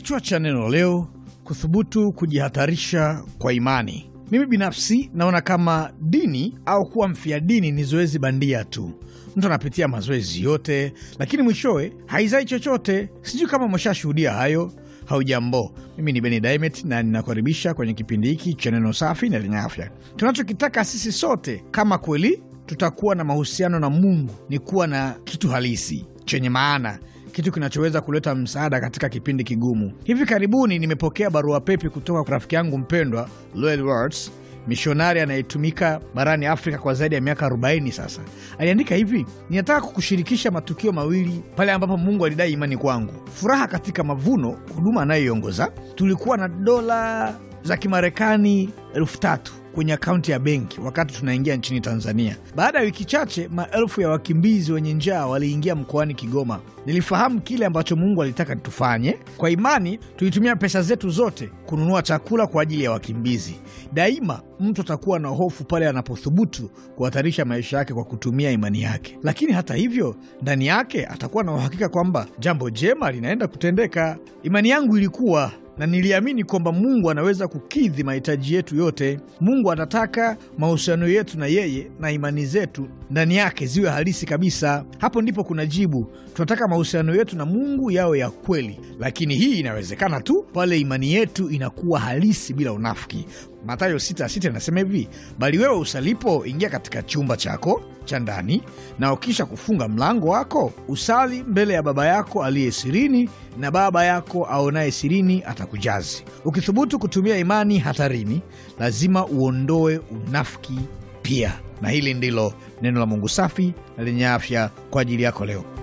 Kichwa cha neno leo: kuthubutu kujihatarisha kwa imani. Mimi binafsi naona kama dini au kuwa mfia dini ni zoezi bandia tu. Mtu anapitia mazoezi yote, lakini mwishowe haizai chochote. Sijui kama umeshashuhudia hayo. Haujambo, mimi ni Beni Dimet na ninakukaribisha kwenye kipindi hiki cha neno safi na lenye afya. Tunachokitaka sisi sote kama kweli tutakuwa na mahusiano na Mungu ni kuwa na kitu halisi chenye maana kitu kinachoweza kuleta msaada katika kipindi kigumu. Hivi karibuni nimepokea barua pepe kutoka kwa rafiki yangu mpendwa Lloyd Words, mishonari anayetumika barani Afrika kwa zaidi ya miaka 40 sasa. Aliandika hivi: ninataka kukushirikisha matukio mawili pale ambapo Mungu alidai imani kwangu. Furaha katika mavuno, huduma anayoiongoza, tulikuwa na dola za Kimarekani elfu tatu kwenye akaunti ya benki wakati tunaingia nchini Tanzania. Baada ya wiki chache, maelfu ya wakimbizi wenye njaa waliingia mkoani Kigoma. Nilifahamu kile ambacho Mungu alitaka tufanye. Kwa imani, tulitumia pesa zetu zote kununua chakula kwa ajili ya wakimbizi. Daima mtu atakuwa na hofu pale anapothubutu kuhatarisha maisha yake kwa kutumia imani yake, lakini hata hivyo, ndani yake atakuwa na uhakika kwamba jambo jema linaenda kutendeka. Imani yangu ilikuwa na niliamini kwamba Mungu anaweza kukidhi mahitaji yetu yote. Mungu anataka mahusiano yetu na yeye na imani zetu ndani yake ziwe halisi kabisa. Hapo ndipo kuna jibu. Tunataka mahusiano yetu na Mungu yawe ya kweli, lakini hii inawezekana tu pale imani yetu inakuwa halisi bila unafiki matayo 6:6 inasema hivi, bali wewe usalipo, ingia katika chumba chako cha ndani, na ukisha kufunga mlango wako usali mbele ya Baba yako aliye sirini, na Baba yako aonaye sirini atakujazi. Ukithubutu kutumia imani hatarini, lazima uondoe unafiki pia. Na hili ndilo neno la Mungu safi na lenye afya kwa ajili yako leo.